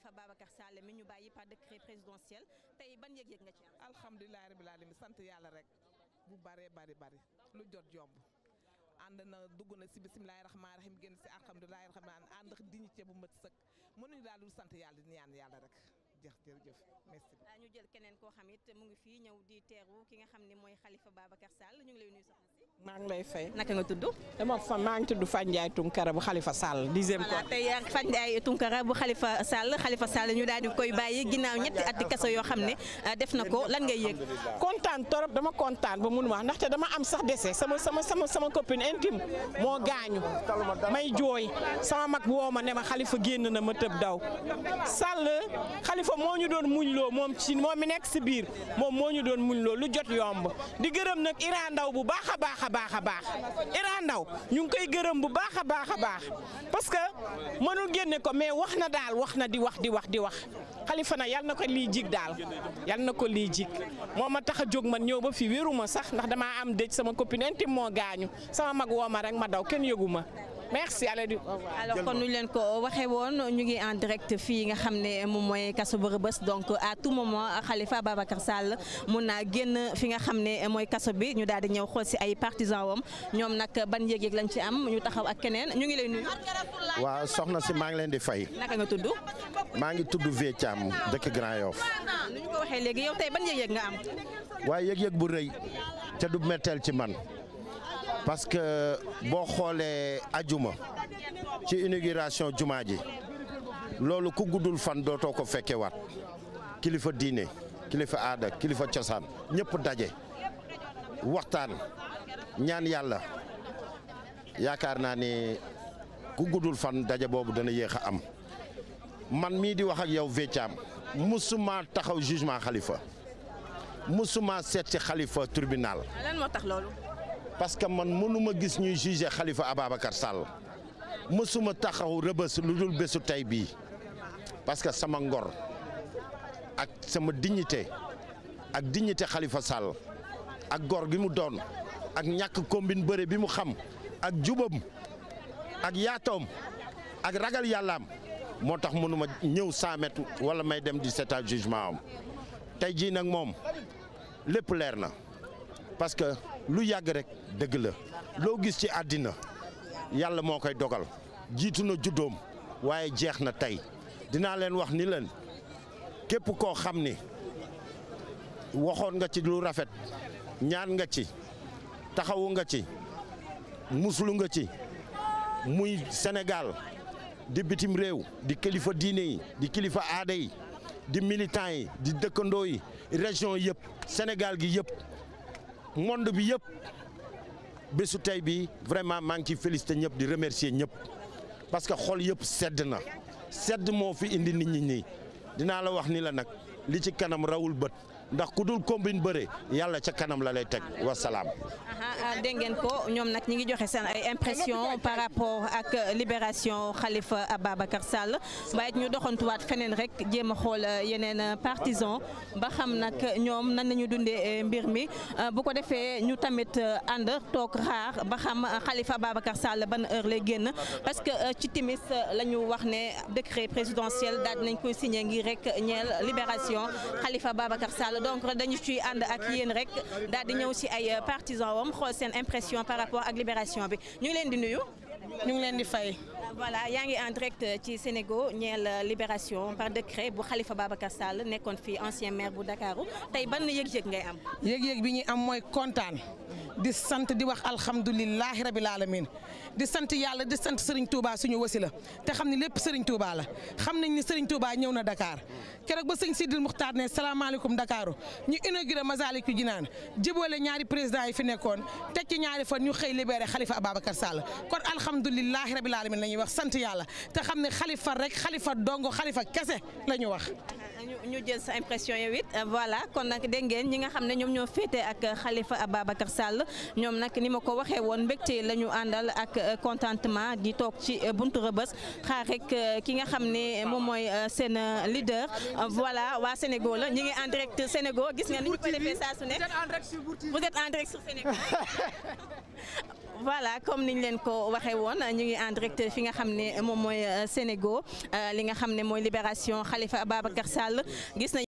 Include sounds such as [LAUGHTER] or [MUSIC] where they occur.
Khalifa Babacar Sall mi ñu bay bàyyi par décret présidentiel tey ban yëg-yëg nga ci am. alhamdulilah rabil alamin sant yàlla rek bu baree bari bari lu jot yomb ànd na dugg na si bisimilahi rahmaani rahim génn si alhamdulilahi rahmaani ànd dignité bu mat sëkk mënuñu daal lu sant yàlla di ñaan yàlla rek. jeex jërëjëf merci. ñu keneen koo xam it mu ngi fii ñëw di teeru ki nga xam ne mooy Khalifa Babacar Sall ñu ngi lay nuyu soxna maa ngi lay fay. naka nga tudd. dama fa maa ngi tudd Fane Tunkara bu xalifa Sall dixième. voilà tey Fane Ndiaye Tunkara bu Khalifa Sall xalifa Sall ñu daal di koy bàyyi ginnaaw ñetti atti kaso yoo xam ne euh, def na ko lan ngay yéeg kontaan torop dama kontaan ba mun wax ndaxte dama am sax dese sama sama sama sama copine intime moo gaañu may jooy sama mag woo ma ne ma xalifa génn na ma tëb daw Sall Khalifa kilifa moo ñu doon muñloo moom ci moom mi nekk si biir moom moo ñu doon muñ lu jot yomb di gërëm nag Iran Ndaw bu baax a baax a baax a baax Iran Ndaw ñu ngi koy gërëm bu baax a baax a baax parce que mënul génne ko mais wax na daal wax na di wax di wax di wax xalifa na yal na ko lii jig daal yal na ko lii jig moo ma tax a jóg man ñëw ba fii wéru sax ndax damaa am dëj sama copine intime moo gaañu sama mag woo ma rek ma daw kenn yëgu ma merci allez du nu ñu leen ko waxee woon ñu ngi en direct fii nga xam ne moom mooy kaso bu Rebeuss donc à tout moment Khalifa Babacar Sall mun naa génn fi nga xam ne mooy kaso bi ñu daal di ñëw xool si ay partisans woom ñoom nag ban yëg-yëg lañ ci am ñu taxaw ak keneen ñu ngi lay nuyu. waaw soxna si maa ngi leen di fay. naka nga tudd. maa ngi tudd Vieux Thiam dëkk Grand Yoff. nu ñu ko waxee léegi yow tey ban yëg yéeg nga am. waaye yëg yéeg bu rëy te du metteel ci man. parce que boo xoolee ajuma ci inauguration juma ji loolu ku guddul fan dootoo ko fekke waat kilifa diine kilifa aada kilifa cosaan ñëpp daje waxtaan ñaan yàlla yaakaar naa ni ku guddul fan daje boobu dana yéex a am man mii di wax ak yow Véthiam musuma taxaw jugement xalifa musuma seet ci xalifa tribunal parce que man mënuma gis ñuy jugé Khalifa Ababacar Sall mësuma taxaw rëbës lu dul bésu tey bii parce que sama ngor ak sama dignité ak dignité xalifa Sall ak gor gi mu doon ak ñàkk combine bëre bi mu xam ak jubam ak yaatoom ak ragal yàllaam moo tax mënuma ñëw 100 mètres wala may dem di seetaan jugement am tey jii nag moom lépp leer na parce que lu yàgg rek dëgg la loo gis ci àddina yàlla moo koy dogal jiitu na juddoom waaye jeex na tey dinaa leen wax ni leen képp koo xam ni waxoon nga ci lu rafet ñaan nga ci taxawu nga ci musulu nga ci muy senegal di bitim réew di kilifa diine yi di kilifa aada yi di militant yi di dëkkandoo yi région yëpp senegal gi yëpp monde bi yëpp bésu tey bi vraiment maa ngi ciy félicité ñëpp di remercier ñëpp parce que xol yëpp sedd na sedd moo fi indi nit ñi nii dinaa la wax ni la nag li ci kanam rawul bët. ndax ku dul combine bëre yàlla ca kanam la lay teg wasalaam. Ah, dégg ngeen ko ñoom nag ñi ngi joxe seen ay impression par rapport ak libération Khalifa Ababacar Sall waaye ñu doxantuwaat feneen rek jéem a xool euh, yeneen euh, partisan ba xam nag ñoom nan nañu dundee euh, mbir mi bu ko defee ñu tamit ànd toog xaar ba xam xalifa Ababacar Sall ban heure lay génn parce que ci timis la ñu wax ne décret présidentiel daal nañ koy signé ngir rek ñeel libération Khalifa Ababacar Sall donc dañu ciy ànd ak yéen rek daal di ñëw si ay partisans wam xool seen impression par rapport ak libération bi ñu ngi leen di nuyu. ñu ngi leen di fay. voilà yaa ngi en direct ci Sénégal ñeel libération par décret bu Khalifa Babacar Sall nekkoon fii ancien maire bu ndakaaru tey ban yëg-yëg ngay am. yëg-yëg bi ñu am mooy kontaan. di sant di wax alhamdulilahi rabil alamin di sant yàlla di sant Serigne Touba suñu wasila te xam ni lépp Serigne Touba la xam nañ ni Serigne Touba ñëw na dakaar keroog ba sëñ Sidil Muxtaar ne salaamaaleykum Dakaru ñu inauguré Masaliku Jinaan jiboole ñaari président yi fi nekkoon teg ci ñaari fan ñu xëy libéré Khalifa Ababacar Sall kon alhamdulilahi rabil alamin la ñuy wax sant yàlla te xam ne xalifa rek xalifa dongo xalifa kese la ñu wax. ñu jël sa impression yow it voilà kon nag dégg ñi nga xam ne ñoom ñoo féete ak Khalifa Ababacar Sall ñoom nag ni ma ko waxee woon mbégte la ñu àndal ak euh, contentement di toog ci euh, buntu rëbës xaar rek euh, ki nga xam ne moom mooy seen leader voilà waa Sénégo la ñu ngi en direct Sénégo gis nga ni ñu ko defee saa ne en direct sur Sénégo [LAUGHS] voilà comme niñ leen ko waxee woon ñu ngi en direct fi nga xam ne moom mooy Sénégo li nga xam ne mooy libération Khalifa Ababacar sàll gis na